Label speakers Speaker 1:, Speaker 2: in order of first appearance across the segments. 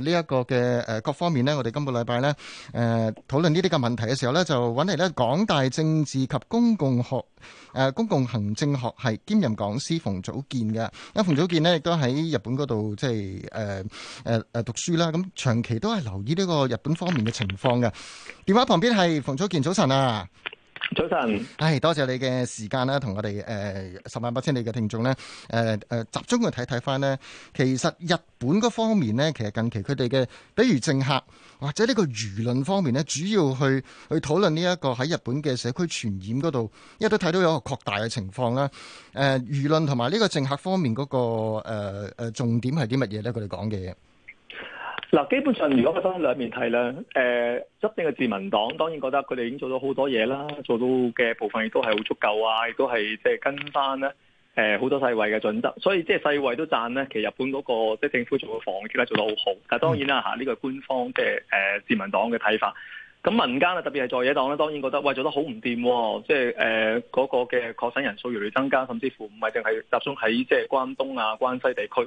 Speaker 1: 呢一個嘅各方面呢，我哋今個禮拜呢，誒討論呢啲嘅問題嘅時候呢，就揾嚟呢港大政治及公共學誒公共行政學系兼任講師馮祖建嘅。阿馮祖建呢，亦都喺日本嗰度即係誒誒誒讀書啦，咁長期都係留意呢個日本方面嘅情況嘅。電話旁邊係馮祖建，早晨啊！早晨，唉、hey，多謝你嘅時間啦，同我哋誒十萬八千里嘅聽眾咧，誒、呃、誒，集中去睇睇翻咧，其實日本嗰方面咧，其實近期佢哋嘅，比如政客或者呢個輿論方面咧，主要去去討論呢一個喺日本嘅社區傳染嗰度，因為都睇到有一個擴大嘅情況啦。誒、呃，輿論同埋呢個政客方面嗰、那個誒誒、呃、重點係啲乜嘢呢？佢哋講嘅嘢。
Speaker 2: 嗱，基本上如果佢分兩面睇咧，誒，執政嘅自民黨當然覺得佢哋已經做到好多嘢啦，做到嘅部分亦都係好足夠啊，亦都係即係跟翻咧誒好多世衞嘅準則，所以即係、就是、世衞都讚咧，其實日本嗰、那個即係、就是、政府做嘅防疫咧做得好好。但係當然啦嚇，呢、啊這個是官方嘅誒、呃、自民黨嘅睇法，咁民間啊特別係在野黨咧當然覺得喂、呃、做得好唔掂喎，即係誒嗰個嘅確診人數越嚟增加，甚至乎唔係淨係集中喺即係關東啊關西地區，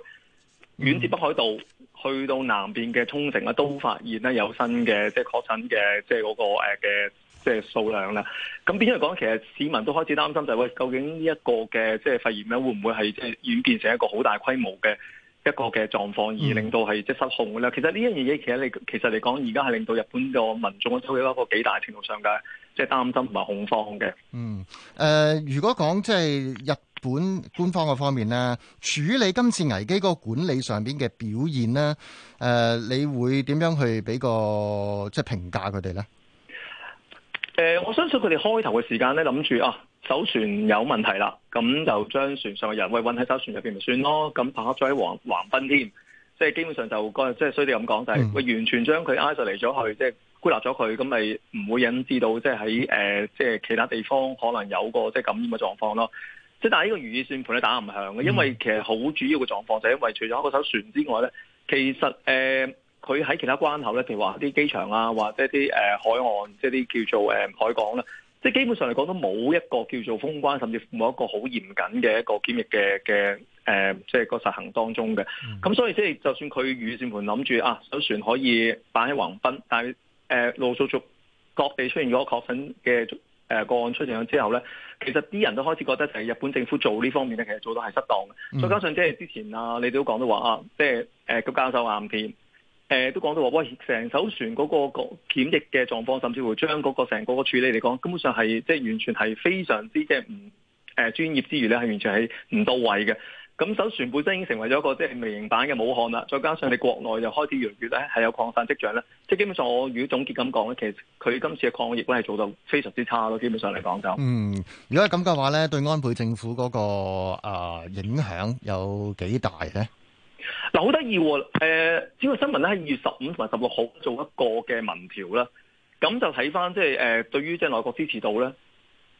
Speaker 2: 遠至北海道。Mm -hmm. 去到南邊嘅沖繩啊，都發現咧有新嘅即係確診嘅即係、那、嗰個嘅即係數量啦。咁點樣嚟講？其實市民都開始擔心就係、是、喂，究竟呢一個嘅即係肺炎咧，會唔會係即係演變成一個好大規模嘅一個嘅狀況，而令到係即係失控嘅咧、嗯？其實呢一樣嘢，其實你其實嚟講，而家係令到日本嘅民眾都有一個幾大程度上嘅即係擔心同埋恐慌嘅。嗯，誒、呃，
Speaker 1: 如果講即係日本官方嘅方面咧，處理今次危機嗰個管理上邊嘅表現咧，誒、呃，你會點樣去俾個即係評價佢哋咧？
Speaker 2: 誒、呃，我相信佢哋開頭嘅時間咧，諗住啊，艘船有問題啦，咁就將船上嘅人喂韞喺艘船入邊咪算咯，咁泊咗喺橫橫濱添，即係基本上就個即係衰啲咁講，就係、係、佢完全將佢挨就嚟咗去，即係孤立咗佢，咁咪唔會引致到即係喺誒即係其他地方可能有個即係感染嘅狀況咯。即但係呢個如意算盤咧打唔響，嘅，因為其實好主要嘅狀況就係因為除咗一個艘船之外咧，其實誒佢喺其他關口咧，譬如話啲機場啊，或者啲誒海岸，即係啲叫做海港咧，即基本上嚟講都冇一個叫做封關，甚至冇一個好嚴謹嘅一個檢疫嘅嘅即係個實行當中嘅。咁、嗯、所以即係就算佢如意算盤諗住啊，艘船可以擺喺橫濱，但係、呃、陸續續各地出現咗確診嘅。誒個案出現咗之後咧，其實啲人都開始覺得就係日本政府做呢方面咧，其實做到係失當嘅。再、mm -hmm. 加上即係之前、就是、啊，你都講到話啊，即係誒個教授唔掂誒都講到話，喂，成艘船嗰個個檢疫嘅狀況，甚至乎將嗰成個個處理嚟講，根本上係即係完全係非常之即係唔誒專業之餘咧，係完全係唔到位嘅。咁艘船本身已經成為咗一個即係微型版嘅武漢啦，再加上你國內又開始越嚟越咧係有擴散跡象咧，即係基本上我如果總結咁講咧，其實佢今次嘅抗疫咧係做到非常之差咯，基本上嚟講就嗯，
Speaker 1: 如果係咁嘅話咧，對安倍政府嗰、嗰個、呃、影響有幾大咧？嗱、
Speaker 2: 啊，好得意喎，誒，呢個新聞咧喺二月十五同埋十六號做一個嘅民調啦，咁就睇翻即係誒對於即係內閣支持度咧。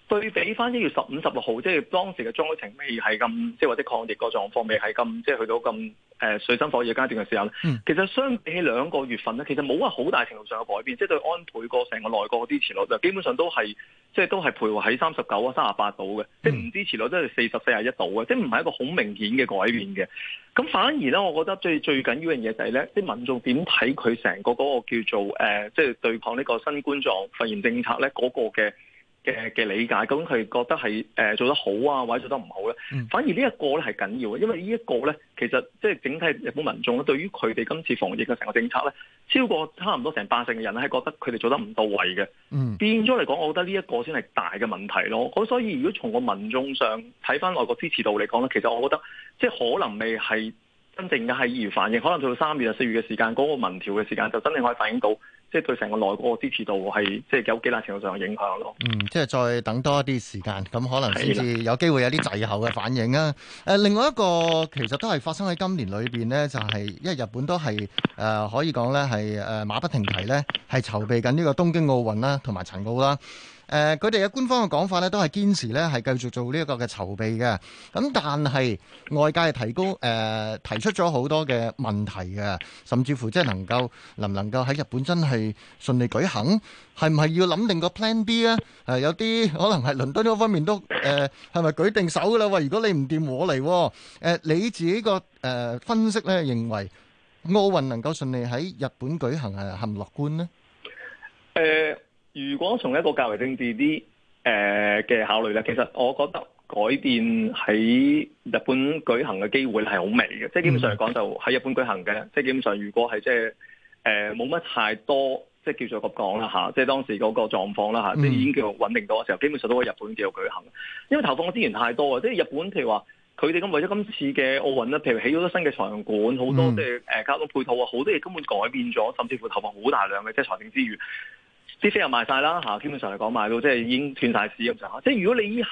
Speaker 2: 對比翻一月十五十六號，即係當時嘅災情未係咁，即係或者抗疫個狀況未係咁，即係去到咁誒、呃、水深火熱階段嘅時候咧、嗯，其實相比起兩個月份咧，其實冇話好大程度上有改變，即係對安倍個成個內閣支持率就基本上都係即係都係徘徊喺三十九啊三十八度嘅，即係唔支持率都係四十四啊一度嘅，即係唔係一個好明顯嘅改變嘅。咁反而咧，我覺得最最緊要樣嘢就係咧，啲民眾點睇佢成個嗰個叫做誒、呃，即係對抗呢個新冠狀肺炎政策咧嗰、那個嘅。嘅嘅理解，究竟佢覺得係誒、呃、做得好啊，或者做得唔好咧、啊？Mm. 反而呢一個咧係緊要嘅，因為呢一個咧其實即係整體日本民眾咧，對於佢哋今次防疫嘅成個政策咧，超過差唔多成八成嘅人咧係覺得佢哋做得唔到位嘅。Mm. 變咗嚟講，我覺得呢一個先係大嘅問題咯。咁所以如果從個民眾上睇翻外國支持度嚟講咧，其實我覺得即係可能未係真正嘅係意義反應，可能到三月啊四月嘅時間嗰、那個民調嘅時間就真正可以反映到。即、就、係、是、對成個內閣嘅支持度係，即係有幾大程度上有影響咯。
Speaker 1: 嗯，即係再等多一啲時間，咁可能先至有機會有啲滯後嘅反應啊。誒，另外一個其實都係發生喺今年裏面呢，就係、是、因為日本都係誒可以講呢係誒馬不停蹄呢係籌備緊呢個東京奧運啦，同埋殘奧啦。誒，佢哋嘅官方嘅講法咧，都係堅持咧係繼續做呢一個嘅籌備嘅。咁但係外界係提高誒提出咗好多嘅問題嘅，甚至乎即係能夠能唔能夠喺日本真係順利舉行，係唔係要諗定個 plan B 咧？誒，有啲可能係倫敦嗰方面都誒係咪舉定手噶啦？喂，如果你唔掂我嚟，誒你自己個誒分析咧認為奧運能夠順利喺日本舉行係唔樂觀咧？
Speaker 2: 誒。如果從一個較為政治啲嘅、呃、考慮咧，其實我覺得改變喺日本舉行嘅機會係好微嘅，即、嗯、係基本上嚟講就喺日本舉行嘅，即係基本上如果係即係冇乜太多即係、就是、叫做咁講啦嚇即係當時嗰個狀況啦嚇即係已經叫做穩定到嘅時候，基本上都喺日本叫做舉行，因為投放嘅資源太多啊，即、就、係、是、日本譬如話佢哋咁為咗今次嘅奧運咧，譬如起咗好多新嘅場館，好多即係誒交通配套啊，好多嘢根本改變咗，甚至乎投放好大量嘅即財政資源。啲飛又賣晒啦嚇，基本上嚟講賣到即係已經斷晒市咁上下。即係如果你依刻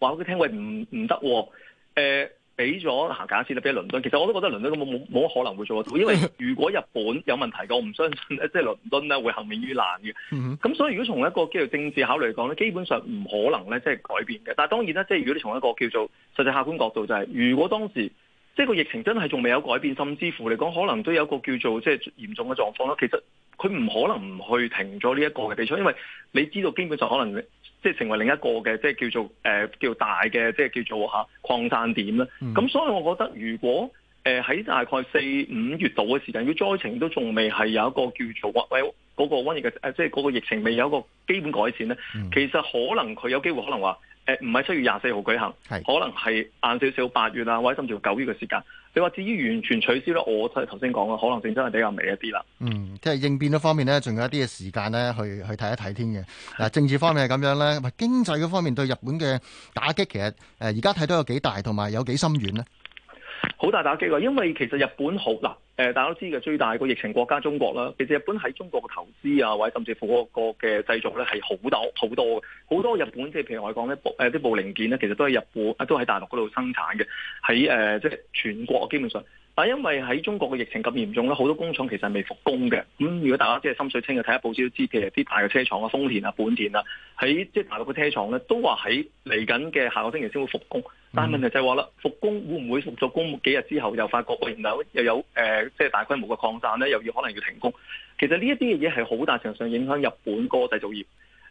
Speaker 2: 話俾佢聽，喂，唔唔得，誒俾咗行假設你啦，俾、呃、倫敦。其實我都覺得倫敦咁冇冇冇可能會做得到，因為如果日本有問題嘅，我唔相信即係倫敦咧會幸免於難嘅。咁、嗯、所以如果從一個叫做政治考慮嚟講咧，基本上唔可能咧即係改變嘅。但係當然啦，即係如果你從一個叫做實際客觀角度就係、是，如果當時即係個疫情真係仲未有改變，甚至乎嚟講可能都有一個叫做即係嚴重嘅狀況咯。其實。佢唔可能唔去停咗呢一個嘅比賽，因為你知道基本上可能即係成為另一個嘅即係叫做誒、呃、叫大嘅即係叫做嚇、啊、擴散點啦。咁、嗯、所以我覺得如果誒喺、呃、大概四五月度嘅時間，如果災情都仲未係有一個叫做或者嗰個瘟疫嘅誒，即係嗰個疫情未有一個基本改善咧、嗯，其實可能佢有機會可能話誒唔係七月廿四號舉行，係可能係晏少少八月啊，或者甚至乎九月嘅時間。你話至於完全取消咧，我頭先講嘅可能性真係比較微一啲
Speaker 1: 啦。嗯，即係應變方面咧，仲有一啲嘅時間咧，去去睇一睇添嘅。嗱，政治方面係咁樣咧，唔經濟方面對日本嘅打擊，其實誒而家睇到有幾大，同埋有幾深遠呢？
Speaker 2: 好大打擊啊！因為其實日本好嗱。誒，大家都知嘅最大個疫情國家中國啦，其實日本喺中國嘅投資啊，或者甚至乎個嘅製造咧係好多好多嘅，好多日本，即係譬如我講咧部啲部零件咧，其實都係日本啊，都喺大陸嗰度生產嘅。喺誒即係全國基本上，但係因為喺中國嘅疫情咁嚴重咧，好多工廠其實係未復工嘅。咁、嗯、如果大家即係心水清嘅睇下報紙都知，譬如啲大嘅車廠啊，豐田啊、本田啊，喺即係大陸嘅車廠咧，都話喺嚟緊嘅下個星期先會復工。但係問題就係話啦，復工會唔會復咗工幾日之後又發覺原來又有誒？呃即、就、係、是、大規模嘅擴散咧，又要可能要停工。其實呢一啲嘢係好大程度上影響日本製造業。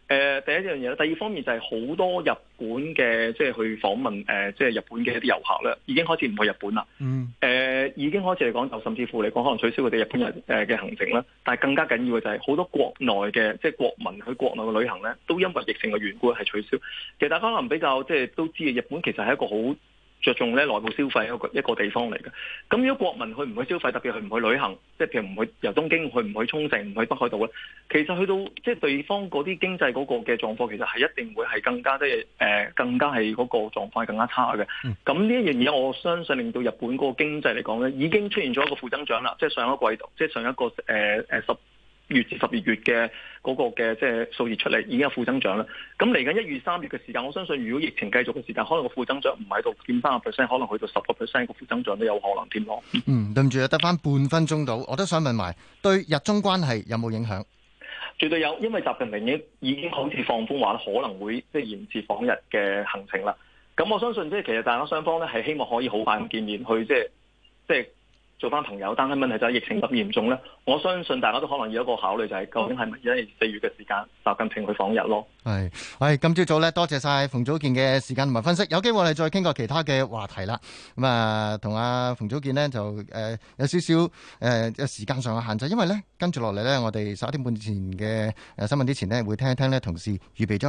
Speaker 2: 誒、呃，第一樣嘢啦，第二方面就係好多日本嘅即係去訪問誒，即、呃、係、就是、日本嘅一啲遊客咧，已經開始唔去日本啦。誒、mm. 呃，已經開始嚟講，就甚至乎嚟講，可能取消佢哋日本人誒嘅行程啦。但係更加緊要嘅就係好多國內嘅即係國民去國內嘅旅行咧，都因為疫情嘅緣故係取消。其實大家可能比較即係都知嘅，日本其實係一個好。着重咧內部消費一個一地方嚟嘅，咁如果國民佢唔去消費，特別佢唔去旅行，即係譬如唔去由東京去唔去沖繩，唔去北海道咧，其實去到即係對方嗰啲經濟嗰個嘅狀況，其實係一定會係更加即係、呃、更加係嗰個狀況更加差嘅。咁呢一樣嘢，我相信令到日本嗰個經濟嚟講咧，已經出現咗一個負增長啦，即係上一個季度，即係上一個誒、呃、十月至十二月嘅嗰個嘅即係數字出嚟已經係負增長啦。咁嚟緊一月、三月嘅時間，我相信如果疫情繼續嘅時間，可能個負增長唔喺度跌三十 percent，可能去到十個 percent 個負增長都有可能添咯。嗯，
Speaker 1: 對唔住啊，得翻半分鐘到，我都想問埋對日中關係有冇影響？
Speaker 2: 絕對有，因為習近平已經已經好似放風話可能會即係延遲訪日嘅行程啦。咁我相信即係其實大家雙方咧係希望可以好快咁見面去即係即係。做翻朋友，但係問題就係疫情咁嚴重咧，我相信大家都可能要一個考慮，就係究竟係咪因四月嘅時間，習近平去訪日咯？
Speaker 1: 係，唉，今朝早咧，多謝晒馮祖建嘅時間同埋分析，有機會我哋再傾過其他嘅話題啦。咁啊，同阿馮祖建呢，就誒、呃、有少少誒、呃、時間上嘅限制，因為咧跟住落嚟咧，我哋十一點半前嘅新聞之前呢，會聽一聽咧同事預備咗。